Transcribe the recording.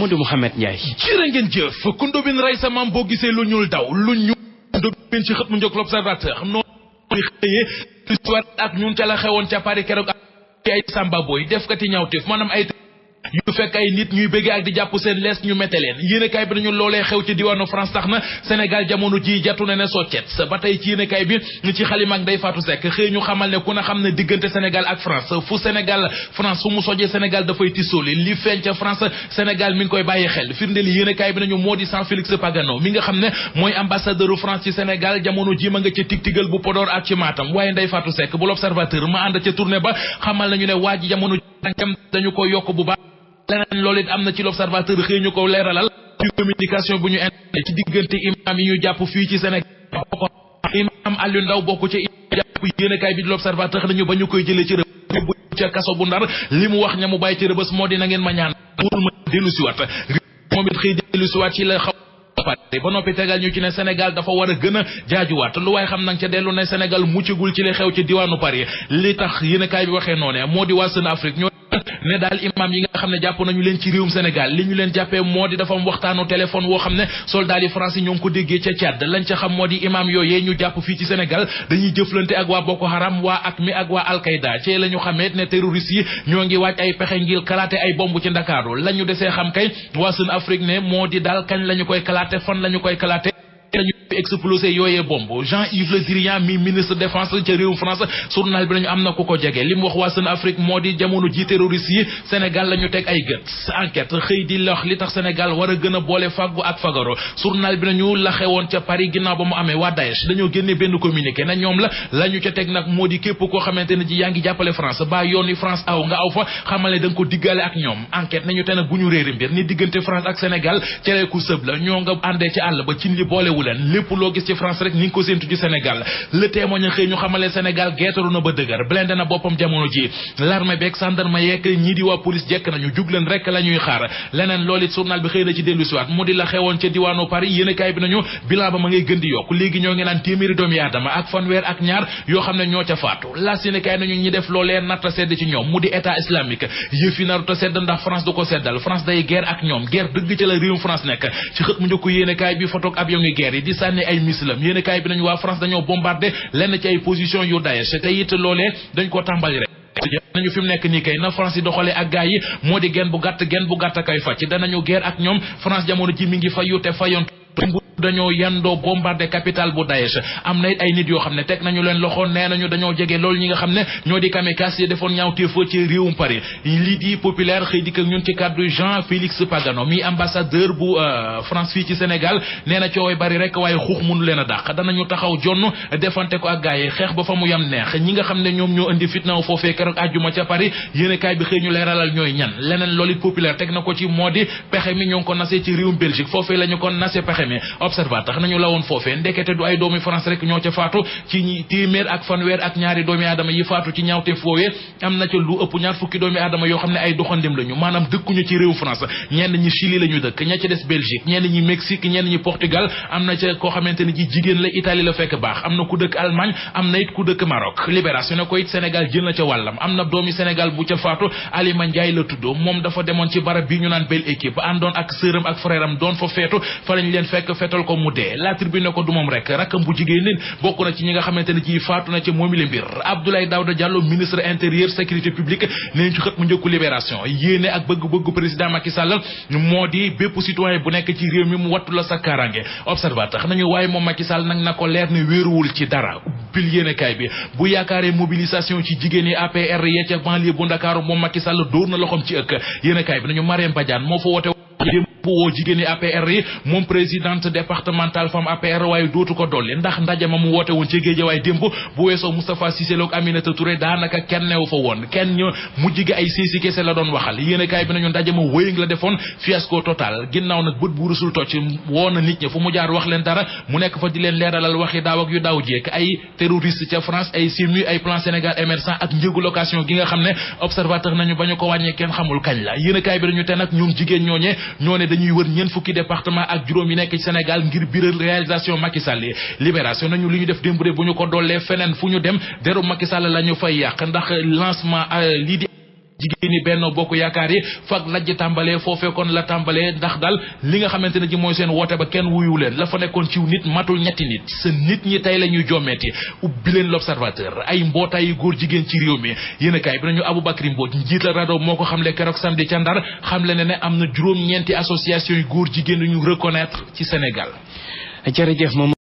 Mamadou Mouhamed Ndiaye. jërë ngeen jëf ku ndóbin rey sa maam boo gisee lu ñuul daw lu ñu ndóbin ci xët mu njëkk l'observateur noonu xëyee histoire ak ñun ca la xewoon ca Paris keroog ay Samba Boy def kati ñaawteef maanaam ay. yu fekk ay nit ñuy bëgg ak di jàpp seen lees ñu mette leen yéenekaay bi nañu loolee xew ci diwaanu France tax na Sénégal jamono ji jatu na ba tey ci yéenekaay bi ci xalima ak Ndeye Fatou Seck ñu xamal ku na xam ne diggante Sénégal ak France fu Sénégal France fu mu sojee Sénégal dafay tissooli li feeñ ca France Sénégal mi ngi koy bàyyi xel firndeel yéenekaay bi nañu moo di Jean Félix Pagano mi nga xam ne mooy ambassadeur France ci Sénégal jamono jii ma nga ca tigtigal bu Podor ak ci Matam waaye Ndeye Fatou Seck bu l'Observateur ma ànd ca tournée ba xamal nañu ne waa ji jamono dañu ko yokk bu baax lenen lolit amna ci l'observateur xëy ko leeralal ci communication bu ñu indi ci digënté imam yi ñu japp fi ci Sénégal imam Aliou Ndaw bokku ci japp yene kay bi l'observateur dañu bañu koy jëlee ci reub bu ca kaso bu ndar limu wax ñamu bay ci reubes modi na ngeen ma ñaan pour ma dellu ci wat momit xey xëy ci wat ci la xam pare bo nopi tégal ñu ci né Sénégal dafa wara gëna jaaju wat lu way xam nag ci dellu né Sénégal muccagul ci li xew ci diwanu Paris li tax yene kay bi waxé noné modi wa waa Sën Afrique ne daal imam yi nga xam ne jàpp nañu leen ci réewum Sénégal li ñu leen jàppee moo di dafa am waxtaanu téléphone woo xam ne soldat yi français ñoo ngi ko déggee ca Tchad lañ ca xam moo di imam yooyee ñu jàpp fii ci Sénégal dañuy jëflante ak waa Boko Haram waa mi ak waa Al-Qaïda ci la ñu xamee ne terroriste yi ñoo ngi waaj ay pexe ngir kalaate ay bomb ci Ndakaaru la ñu desee xam kay waa Sun Afrique ne moo di daal kañ la koy kalaate fan la ñu koy kalaate explosé yooyee bomb Jean-Yves Le Drian mi ministre défense ca réewum France journal bi nañu am na ku ko jege li wax waa Afrique moo di jamono ji terroriste yi Sénégal la teg ay gët enquête xëy di lox li tax Sénégal war a a boole fàggu ak fagaro journal bi nañu la ca Paris ginnaaw ba mu amee waa Daesh dañoo génne benn communiqué na ñoom la la ca teg nag moo di képp koo xamal ne da ko diggaale ak ñoom enquête nañu ñu réeri mbir ni lépp loo gis ci France rek ni ngi ko séntu ci Sénégal le témoin xëy ñu xamale Sénégal geetaru na ba dëgër blindé na boppam jamono ji l'armée beeg gendarme yeeg ñii di la ñuy xaar leneen loolu it journal bi na ci dellu siwaat mu di la xewoon ca bi nañu bilan ba ma ngay gën di nañu ñi def loolee narta sedd ci ñoom mu di état islamique yëf yi naruta sedd ndax France du ko seddal France day guerre ak ñoom guerre dëgg ca la réewum France nekk ni ay missile yéen kaay bi nañu waa France dañoo bombardé lenn ci ay position yu Daesh te it dañ ko tàmbali rek nañu fi nekk nii kay na France yi doxalee ak gars yi moo di genn bu gàtt genn bu gàtt kay fàcc danañu guerre ak ñoom France jamono ji mi ngi fayu te fayoon dañoo yandoo bombardé capitale bu Daesh am na it ay nit yoo xam ne teg nañu leen loxo nee nañu dañoo jege lool ñi nga xam ne ñoo di kamikaze yi defoon ñaaw téef ci réewum Paris lii di populaire xëy dikk ak ñun ci kàddu Jean Félix Pagano mi ambassadeur bu euh, France fii ci Sénégal nee na coowee bari rek waaye xuux mënu leen a dana ñu taxaw jonn defante ko ak gaay yi xeex ba fa mu yam neex ñi nga xam ne ñoom ñoo indi fitnaaw foofee keroog àjjuma ca Paris yéenekaay bi xëy ñu leeralal ñooy ñan leneen loolu populaire teg na ko ci moo di pexe mi ñoo ngi ko nase ci réewum Belgique foofee lañu ko l'observateur tax nañu lawoon foofee ndekete du ay doomi France rek ñoo ca faatu ci ñi ak fanweer ak ñaari doomi aadama yi faatu ci ñaawte foowee am na ca lu ëpp ñaar fukki doomi aadama yoo xam ne ay doxandim lañu maanaam dëkkuñu ci réew France ñenn ñi Chili la dëkk ña ca des Belgique ñenn ñi Mexique ñenn ñi Portugal am na ca koo xamante ni ji jigéen la Italie la fekk baax am na ku dëkk Allemagne am na it ku dëkk Maroc Libération ne ko it Sénégal fetal ko mu dee la tribune ko du moom rek rakkam bu jigéen bokk na ci ñi nga xamante ci faatu na ci moomi le mbir Abdoulaye Daouda Diallo ministre intérieur sécurité publique neñ ci xët mu njëkku libération yéene ak bëgg-bëggu président Macky moo di bépp citoyen bu nekk ci réew mi mu wattu la sa kaaraange observateur nañu waaye moom Macky nag na ko leer ne wéeruwul ci dara bil yéene kaay bi bu yaakaaree mobilisation ci jigéen APR yee ca banlieue bu pour jigéeni APR yi moom présidente départementale femme APR waaye dootu ko dolli ndax ndaje ma mu woote woon ci Géejawaay démb bu weesoo Moustapha Cissé Lo ak daanaka kenn newu fa woon kenn ñu mujj ay séesi kese la doon waxal yéenekaay bi nañu ndaje ma wëyëng la defoon fiasco total ginnaaw nag bët bu rusul tocc woo nit ñi fu mu wax leen dara mu nekk fa di leen leeralal waxi daaw ak yu daaw jékk ay terroriste ca France ay simu ay plan dañuy wër ñeent fukki département ak juróom yi nekk ci Sénégal ngir biral réalisation Macky libération nañu li ñu def démb de bu ñu ko dollee feneen fu ñu dem deru Macky Sall la ñu fay yàq ndax lancement euh, lii di jigéen ñi benn bokk yaakaar yi fag lajj tàmbalee foofee kon la tàmbalee ndax daal li nga xamante ne ji mooy seen woote ba kenn wuyu leen la fa nekkoon ciw nit matul ñetti nit sa nit ñi tey la ñuy jommeeti ubbi leen l'observateur ay mbootaay yu góor jigéen ci réew mi yéen a kaay bi nañu Aboubacry Mbodj njiit la RADDHO moo ko xamle keroog samedi ca Ndar xamle na ne am na juróom-ñeenti association yu góor jigéen yu ñu reconnaître ci Sénégal jërëjëf moom